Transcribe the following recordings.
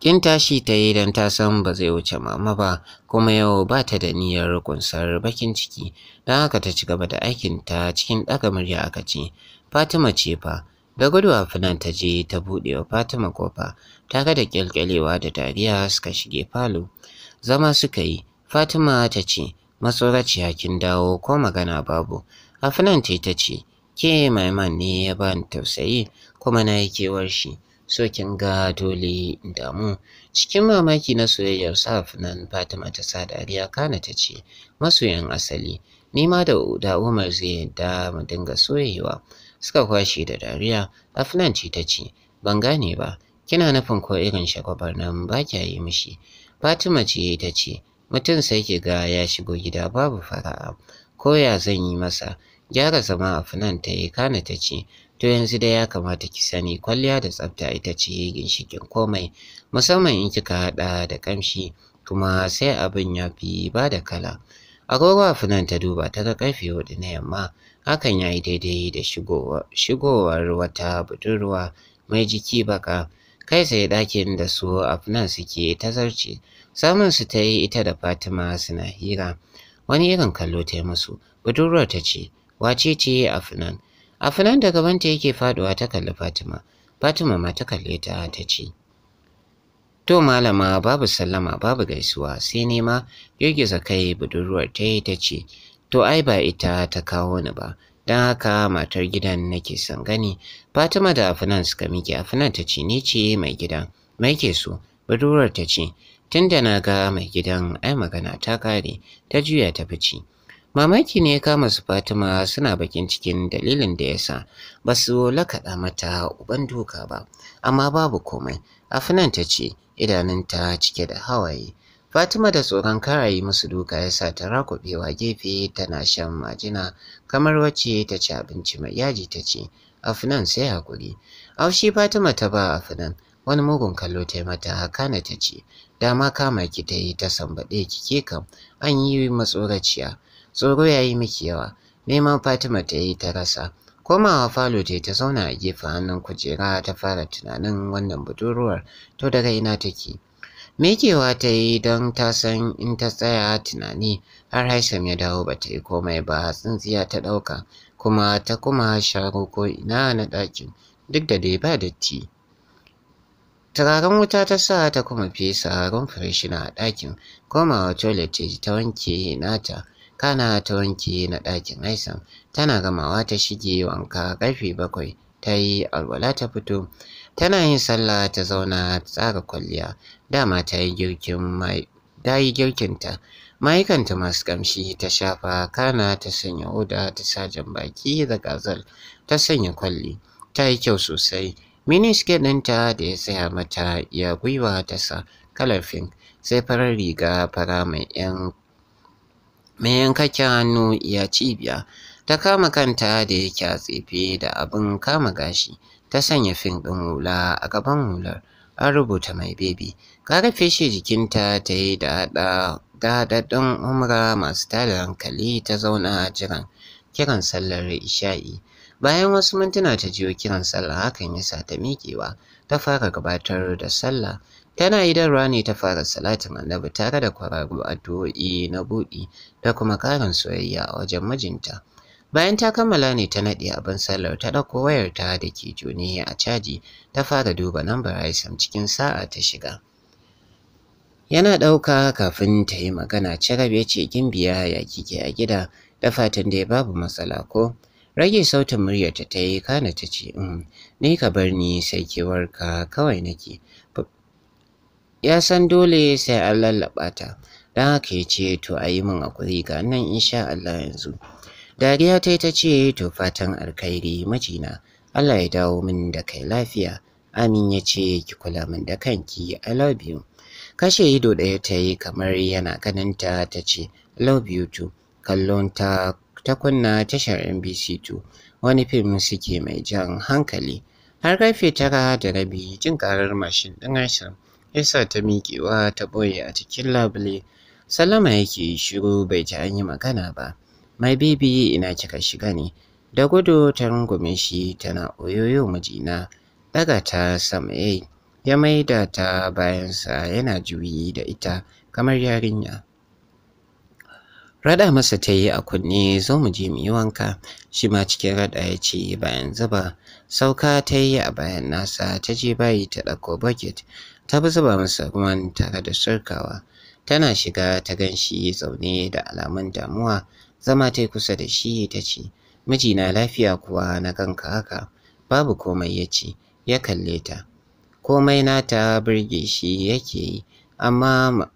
Kin tashi ta yi don ta san ba zai wuce mama ba, kuma yau ba ta da niyyar kunsar bakin ciki, don haka ta ci gaba da aikin ta cikin ɗaga murya aka ce, Fatima ce fa, da guduwa finan ta je ta buɗe wa Fatima kofa, ta ga da kyalkyalewa da dariya suka shige falo. Zama suka yi, Fatima ta ce, Matsoraciya kin dawo ko magana babu, Afinan ce ta ce, Ke maiman ne ya bani tausayi kuma na yi kewar shi. so kin ga dole damu cikin mamaki na soyayyar sa nan fatima ta sa dariya kana ta ce masoyan asali ni ma da da umar zai yadda mu dinga soyewa suka kwashe da dariya afnan ce ta ce ban gane ba kina nufin ko irin shagwabar nan ba kya yi mishi fatima ce ta ce mutum sai ki ga ya shigo gida babu fara'a ko ya zan yi masa gyara zama a ta yi kana ta ce to yanzu dai ya kamata ki sani kwalliya da tsafta ita ce ginshikin komai musamman in kika haɗa da ƙamshi kuma sai abin ya fi ba da kala agogo funan ta duba ta ga ƙarfe hudu na yamma hakan ya yi daidai da shigowar wata budurwa mai jiki baka kai sai ɗakin da su afnan suke ta zarce samun su ta yi ita da fatima suna hira wani irin kallo ta yi musu budurwar ta ce wace ce funan? A fulan da gabanta yake faduwa ta kalli Fatima. Fatima ma ta kalle ta ta ce. To malama babu sallama babu gaisuwa sai ne ma girgiza kai budurwar ta yi ta ce to ai ba ita ta kawo ni ba don haka matar gidan nake son gani Fatima da Afinan suka miƙe Afinan ta ce ni ce mai gidan mai ke so budurwar ta ce tun da na ga mai gidan ai magana ta kare ta juya ta fice. Mamaki ne kama su Fatima suna bakin cikin dalilin da yasa sa ba su lakaɗa mata uban doka ba, amma babu komai. Afinan ta ce idanunta cike da hawaye. Fatima da tsoron yi musu duka ya sa ta rakuɓewa gefe tana shan majina kamar wacce ta ci abinci mai yaji ta ce Afinan sai hakuri. Aushi Fatima ta ba Afinan wani mugun kallo ta mata kana ta ce dama kama ki ta yi ta sambaɗe ki ke kam an yi matsoraciya. tsoro ya yi miki yawa neman fatima ta yi ta rasa komawa falo ta ta zauna a gefen hannun kujera ta fara tunanin wannan budurwar to daga ina take Mekewa ta yi don ta san in ta tsaya tunani har Haisham ya dawo ba ta yi komai ba tsintsiya ta ɗauka kuma ta kuma sharo ko ina na ɗakin duk da dai ba datti. Turaren wuta ta sa ta kuma fesa rumfurishina a ɗakin komawa toilet ta wanke nata kana ta wanke na ɗakin Aisam. Tana gamawa ta shige wanka ƙarfe bakwai ta yi alwala ta fito. Tana yin sallah ta zauna tsara kwalliya. Dama ta yi girkin ta yi girkinta. kanta masu ƙamshi ta shafa kana ta sanya hoda ta sa jan baki da gazal ta sanya kwalli. Ta yi kyau sosai. Miniskirt ɗinta da ya tsaya mata ya gwiwa ta sa kalar pink sai farar riga fara mai 'yan mai yanka hannu iya cibiya ta kama kanta da yake a tsefe da abin kama gashi ta sanya fin ɗin hula a gaban hular an rubuta mai bebi ka rufe shi jikinta ta yi da haɗaɗɗen umra masu tada hankali ta zauna jiran kiran sallar isha'i bayan wasu mintuna ta jiyo kiran sallah hakan ya sa ta miƙewa ta fara gabatar da sallah Tana idarwa ne ta fara salatin annabi tare da kwararru addu'o'i na buɗi da kuma ƙarin soyayya a wajen mijinta. Bayan ta kammala ne ta naɗe abin sallar ta ɗauko wayarta da ke june a caji ta fara duba lambar Aisam cikin sa'a ta shiga. Yana ɗauka kafin ta yi magana Cirab ya ce gimbiya ya kike a gida da fatan dai babu matsala ko. Rage sautin muryarta ta yi kana ta ce, mm, "Ni ka bar ni sai warka kawai nake." ya san dole sai an lallaɓa ta don haka ya ce to a yi min hakuri ga nan insha Allah yanzu dariya ta ta ce to fatan alkhairi majina, Allah ya dawo min da kai lafiya Amin ya ce ki kula min da kanki I love you kashe ido ɗaya ta yi kamar yana ganinta ta ce love you too kallon ta ta kunna tashar NBC2 wani fim suke mai jan hankali har karfe tara da rabi jin karar mashin ɗin ashirin yasa ta miƙewa ta ɓoye a cikin labule salama yake shiru bai ji an yi magana ba my bibi ina kika shiga ne da gudu ta rungume shi tana oyoyo mijina daga ta sama yayi ya maida ta bayansa yana juyi da ita kamar yarinya Rada masa ta yi a kunne zo mu je mu yi wanka shi ma cikin rada ya ce bayan zuba sauka ta yi a bayan nasa ta je bayi ta ɗauko bucket ta bi zuba masa ruwan tare da surkawa. tana shiga ta gan shi zaune da alamun damuwa zama ta kusa da shi ta ce mijina lafiya kuwa na kanka haka babu komai ya ce ya kalle ta komai ta birge shi yake yi amma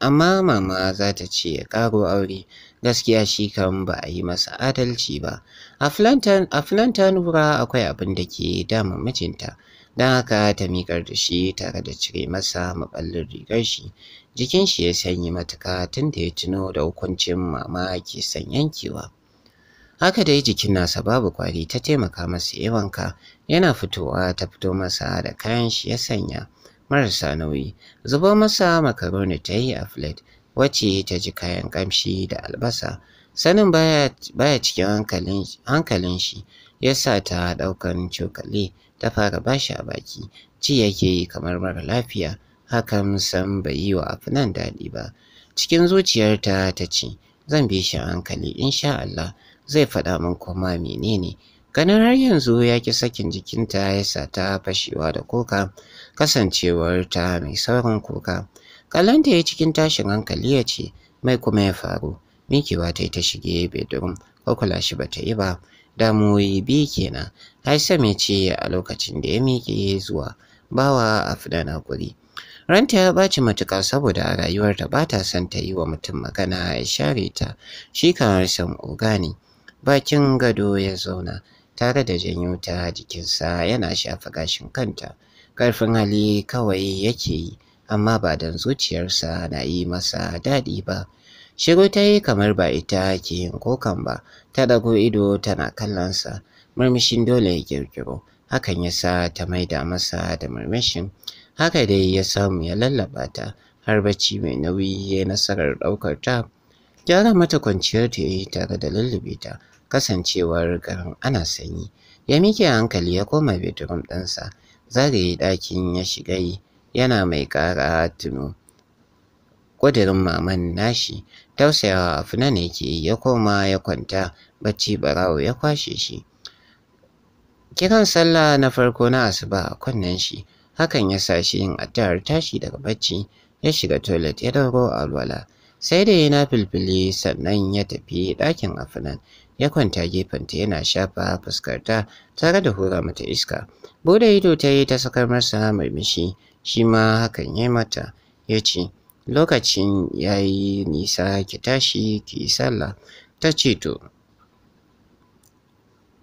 mama za ta ce ya ƙaro aure gaskiya shi kan ba a yi masa adalci ba a filan ta nura akwai abin da ke dama mijinta don haka ta miƙar da shi tare da cire masa maɓallin rigar shi jikin shi ya sanyi tun tunda ya tuno da hukuncin mama ke son yankewa haka dai jikin nasa babu kwari ta taimaka masa ya wanka yana fitowa ta fito masa da kayan shi ya sanya marasa nauyi zubo masa makaroni ta yi a flat wacce ta ji kayan ƙamshi da albasa sanin baya, baya cikin hankalin shi ya sa ta ɗaukan cokali ta fara ba shi a baki ci yake yi kamar mara lafiya hakan san bai yi wa afinan daɗi ba cikin zuciyarta ta ce zan bi shi hankali insha Allah zai faɗa min kuma menene ganin har yanzu ya ki sakin jikinta ya sa ta fashewa da kuka kasancewar ta mai saurin kuka kalanta ya cikin tashin hankali ya ce mai kuma ya faru Miki ba ta yi ta shige bedroom kula shi ba ta yi ba damuwoyi biyu kenan Aisha mai ce a lokacin da ya miƙe zuwa bawa na guri Ranta ya ɓaci matuƙa saboda rayuwarta ba ta son ta yi wa mutum magana ya share ta shi kamar sam oga ne bakin gado ya zauna tare da janyo ta jikinsa yana shafa gashin kanta ƙarfin hali kawai yake yi amma ba don zuciyarsa na yi masa daɗi ba Shiru ta yi kamar ba ita ke yin kokan ba, ta ɗago ido tana kallonsa, murmushin dole ya ƙirƙiro, hakan ya sa ta maida masa da murmushin. Haka dai ya samu ya lallaba ta, har bacci mai nauyi ya nasarar ɗaukar ta. Gyara mata kwanciyar ta yi tare da lullube ta, kasancewar garin ana sanyi. Ya miƙe hankali ya koma bedroom ɗinsa, zagaye ɗakin ya shiga yi, yana mai ƙara tuno. ƙudirin maman nashi tausayawa afinan yake ya koma ya kwanta bacci barawo ya kwashe shi kiran sallah na farko na asuba a kunnen shi hakan ya sa shi yin addu'ar tashi daga bacci ya shiga toilet ya dauro alwala sai da yana filfili sannan ya tafi ɗakin afinan ya kwanta gefenta yana shafa fuskarta tare da hura mata iska bude ido ta yi ta sakar masa murmushi shi ma hakan ya mata ya ce lokacin ya yi nisa ki tashi ki yi sallah ta ce to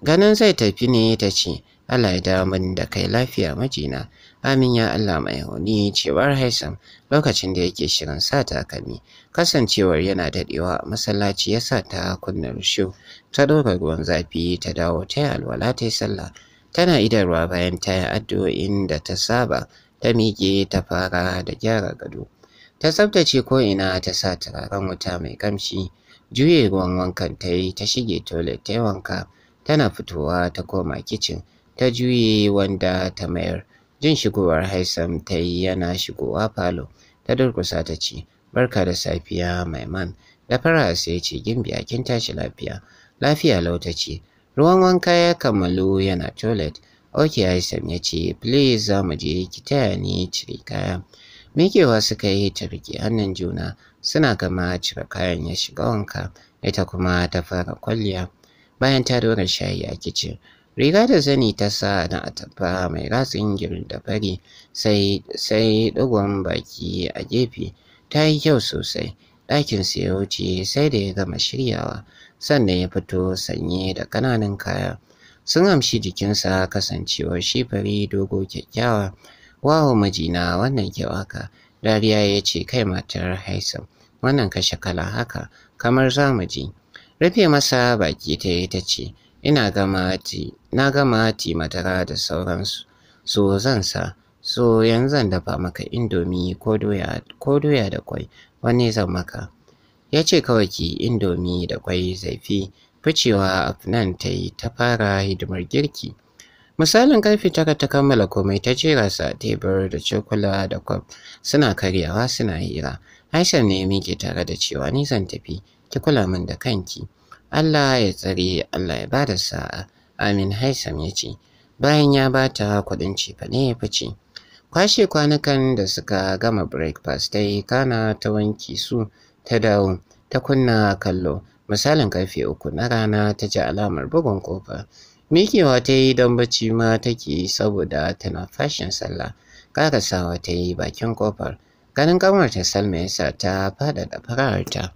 ganin zai tafi ne ta ce Allah ya damun da kai lafiya majina amin ya Allah mai huni cewar Haisam lokacin da yake shirin sa takalmi kasancewar yana dadewa a masallaci ya sa ta kunna rushu ta ɗaura ruwan zafi ta dawo ta yi alwala ta yi sallah tana idarwa bayan ta yi addu'o'in da ta saba ta miƙe ta fara da gyara gado ta tsabtace ko'ina ta sa turaren wuta mai kamshi juye ruwan wankan ta yi ta shige toilet ta yi wanka tana fitowa ta koma kicin ta juye wanda ta mayar jin shigowar haisam ta yi yana shigowa falo ta durkusa ta ce barka da safiya maiman da fara sai ce gimbi a kin tashi lafiya lafiya lau ta ce ruwan wanka ya kammalu yana toilet ok haisam ya ce please za mu je ki taya ni cire kaya Mikewa suka yi ta riƙe hannun juna suna gama cire kayan ya shiga wanka ita kuma ta fara kwalliya. Bayan ta dora shayi a kicin, riga da zani ta sa na atamfa mai ratsin girin da fari sai sai ɗigon baki a gefe ta yi kyau sosai. Ɗakin su ya wuce sai da ya gama shiryawa sannan ya fito sanye da ƙananan kaya. Sun amshi jikinsa kasancewar shi dogo kyakkyawa. Wow mijina wannan ke waka. Dariya ya ce kai matar Haisam wannan kashe kala haka kamar za mu ji. Rufe masa baki ta yi ta ce ina gama ti na gama ti matara da sauransu. So zan sa so yanzu zan dafa maka indomi ko doya da kwai wani zan maka. Ya ce kawai ki indomi da kwai zaifi ficewa Afnan ta yi ta fara hidimar girki. Misalin karfe tara ta kammala komai ta jera sa tebur da cokula da kwaf suna karyawa suna hira. Aisha ne miki tare da cewa ni zan tafi ki kula min da kanki. Allah ya tsare Allah ya bada sa'a. Amin Haisam ya ce bayan ya bata kuɗin cefane ya fice. Kwashe kwanukan da suka gama breakfast ta yi kana ta wanki su ta dawo ta kunna kallo misalin karfe uku na rana ta ji alamar bugun kofa. Mikewa ta yi don bacci ma take saboda tana fashin sallah. Karasawa ta yi bakin kofar. Ganin ta Salma yasa sa ta faɗaɗa fararta.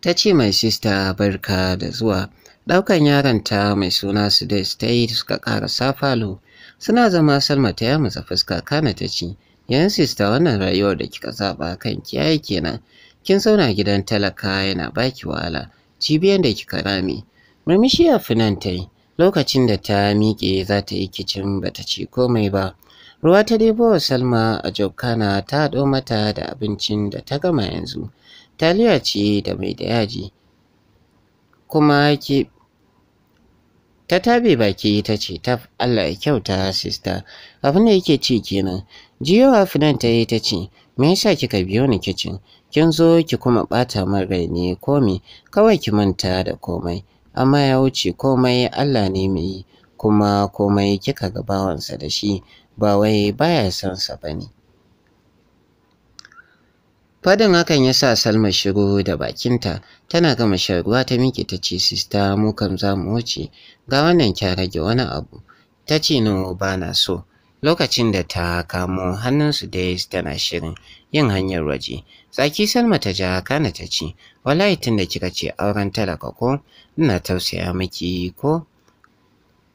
Ta ce mai sista barka da zuwa. Ɗaukan ta mai suna Sudais ta yi suka ƙarasa falo. Suna zama Salma ta yamutsa fuska kana ta ce, Yan sista wannan rayuwar da kika zaɓa kan kiyaye kenan. Kin sauna gidan talaka yana baki wahala. Cibiyan da kika rame. Murmushi Afinan ta yi lokacin da ta miƙe za ta yi kicin ba ta ci komai ba. Ruwa ta debo wa Salma a jokana ta haɗo mata da abincin da ta gama yanzu. Taliya ce da mai da yaji. Kuma ke ta tabe baki ta ce ta Allah ya kyauta sista abin da yake ci kenan jiyo afinan ta yi ta ce me yasa kika biyo ni kicin kin zo ki kuma ɓata min rai ne komi kawai ki manta da komai amma ya wuce komai Allah ne mai yi kuma komai kika ga bawansa da shi ba wai baya son sa bane Fadin hakan ya sa Salma shiru da bakinta tana gama shan ruwa ta miƙe ta ce sista mu kan za mu wuce ga wannan kya rage wani abu ta ce no ba na so lokacin da ta kamo hannunsu dai tana shirin yin hanyar waje Tsaki Salma ta ja kana ta ce, wallahi tunda kika ce auren talaka ko ina tausaya miki ko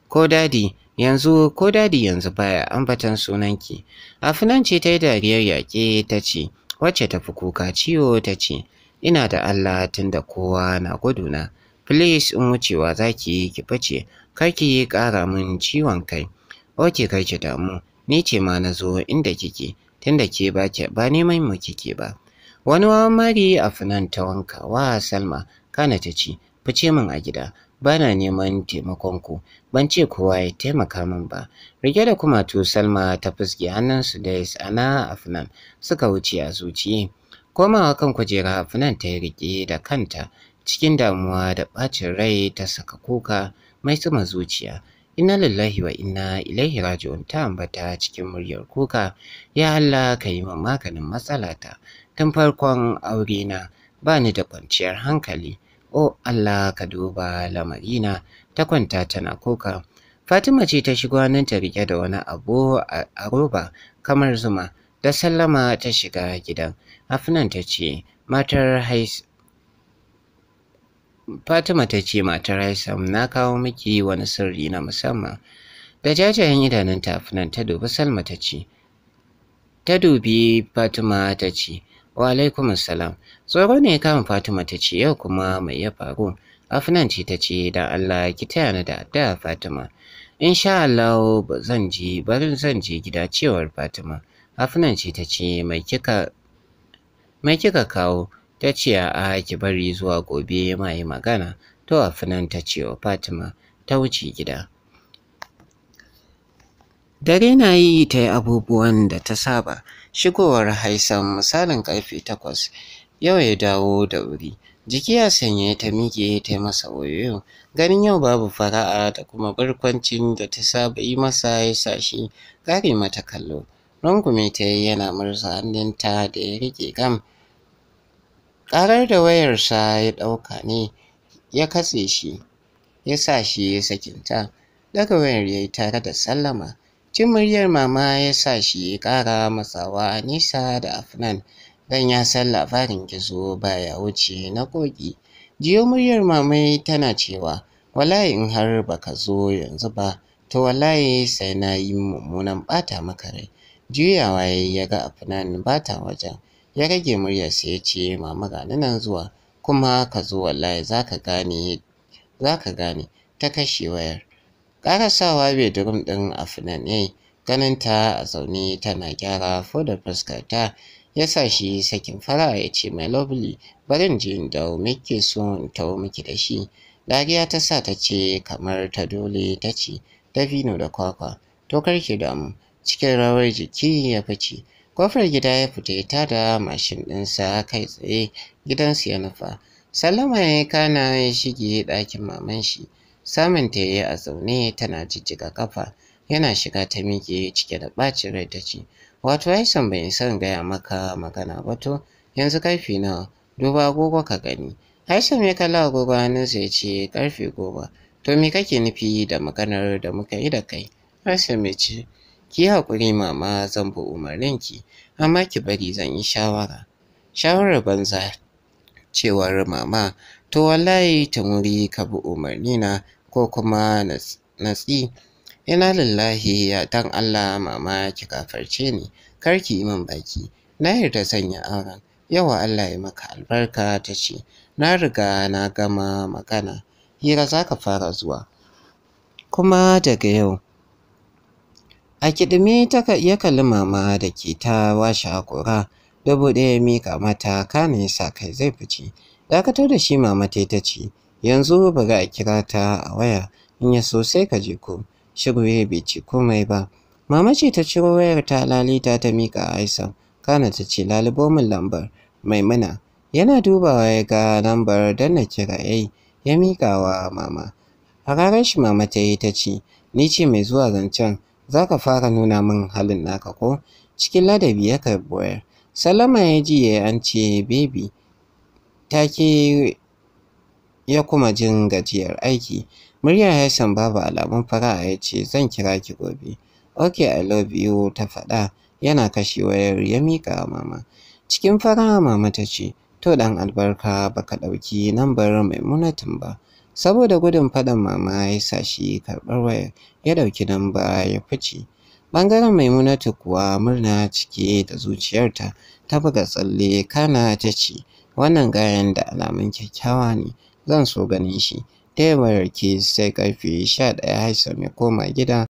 ko dadi yanzu ko dadi yanzu baya ambatan sunanki. Afinan ce ta yi dariyar yaƙe ta ce, wacce ta fi kuka ciwo ta ce, ina da Allah tunda kowa na guduna. Please in wucewa za ki yi ki fice, kar ki kara mun ciwon kai. Oke kar ki damu, ni ce ma na zo inda kike, tunda ke ba ba neman mu kike ba. wani wawan mari a funan ta wanka wa salma kana ta ci fice min a gida bana neman taimakon ku ban ce kowa ya taimaka min ba rike da kumatu salma ta fuske hannunsu da a afnan suka wuce a zuciye komawa kan kujera finan ta yi rike da kanta cikin damuwa da bacin rai ta saka kuka mai tsuma zuciya inna lillahi wa inna ilaihi raji'un ta ambata cikin muryar kuka ya Allah ka yi maganin matsalata tun farkon aurena ba ni da kwanciyar hankali o Allah ka duba lamarina ta kwanta tana kuka Fatima ce ta shigo nan ta rike da wani abu a roba kamar zuma da sallama ta shiga gidan Afnan ta ce matar hais Fatima ta ce matar Haisam na kawo miki wani sirri na musamman da jajayen idanun tafinan ta dubi Salma ta ce ta dubi Fatima ta ce Wa alaikum assalam. Tsoro ne kama Fatima ta ce yau kuma mai ya faru. Afnan ce ta ce da Allah ki taya ni da da Fatima. Insha Allah ba zan je bari zan je gida cewar Fatima. Afnan ce ta ce mai kika mai kika kawo ta ce a ki bari zuwa gobe ma yi magana. To Afnan ta ce wa Fatima ta wuce gida. Dare na yi ta yi abubuwan da ta saba. Shigowar Haisan misalin ƙarfe takwas, yau ya dawo da wuri. Jiki ya sanya ta miƙe ta masa oyoyo, ganin yau babu fara'a da kuma barkwancin da ta saba yi masa ya sa shi Ƙari mata kallo. Rungume ta yi yana murza hannunta da ya riƙe gam. Ƙarar da wayarsa ya ɗauka ne ya katse shi, ya sa shi ya sakinta. Daga wayar ya yi tare da sallama. Cin muryar mama ya sa shi ya ƙara matsawa nisa da Afnan don ya san labarin gizo ba ya wuce na kogi. Jiyo muryar mamai tana cewa walayi in har baka zo yanzu ba to walayi sai na yi mummunan ɓata maka rai. Juyawa ya ga Afnan ba ta wajen ya rage muryarsa ya ce mama gani nan zuwa kuma ka zo wallahi za ka gane za ka gane ta kashe wayar. Ƙarasawa bedroom ɗin Afnan yayi ganinta a zaune tana gyara fodar fuskarta ya sa shi sakin fara ya ce my lovely barin jin da muke so in tawo da shi dariya ta sa ta ce kamar ta dole ta ce dabino da kwakwa to karki damu cikin rawar jiki ya fice kofar gida ya fita ya tada mashin ɗinsa kai tsaye gidansu ya nufa salama ya kana ya shige ɗakin maman shi Samun ta yayi a zaune tana jijjiga ƙafa. yana shiga ta miƙe cike da ɓacin rai ta ce wato Aishan bai san gaya maka magana ba to yanzu karfe nawa duba agogo ka gani. Aishan ya kalla agogo hannunsa ya ce ƙarfe goma to me kake nufi da maganar da muka yi da kai. Aishan ya ce ki haƙuri mama zan bi umarninki amma ki bari zan yi shawara. Shawarar banza cewar mama to wallahi ta muri ka bi umarni na ko kuma natsi ina lillahi ya dan Allah mama ki kafarce ni kar ki yi min baki na yarda sanya auren yawa Allah ya maka albarka ta ce na riga na gama magana hira za ka fara zuwa kuma daga yau a kidime, iya kalli mama da ke ta washe haƙura dubu ɗaya ya mika mata kana ya sa kai zai fice dakatar da shi mama ta ta ce yanzu ba bari a kira ta a waya in ya so sai ka je ko shiru ya bai ce komai ba mama ce ta ciro wayar ta lalita ta mika a aisa kana ta ce lalibo min lambar maimuna yana dubawa ya ga lambar don na kira yayi ya mika wa mama hararar shi mama ta yi ta ce ni ce mai zuwa zancen za ka fara nuna min halin naka ko cikin ladabi ya karɓi wayar Salama ya ji ya an ce baby ke ya kuma jin gajiyar aiki. Murya ya shan babu alamun fara'a ya ce zan kira ki gobe. Ok I love you ta faɗa yana kashe wayar ya miƙa mama. Cikin fara'a mama ta ce to ɗan albarka baka ɗauki lambar munatin ba. Saboda gudun faɗan mama ya sa shi karɓar wayar ya ɗauki namba ya fice. Ɓangaren Maimunatu kuwa murna cike da zuciyarta ta buga tsalle kana ta ce, wannan gayen da alamun kyakkyawa ne, zan so ganin shi. Teburar ke sai ƙarfe sha ɗaya haisa mai koma gida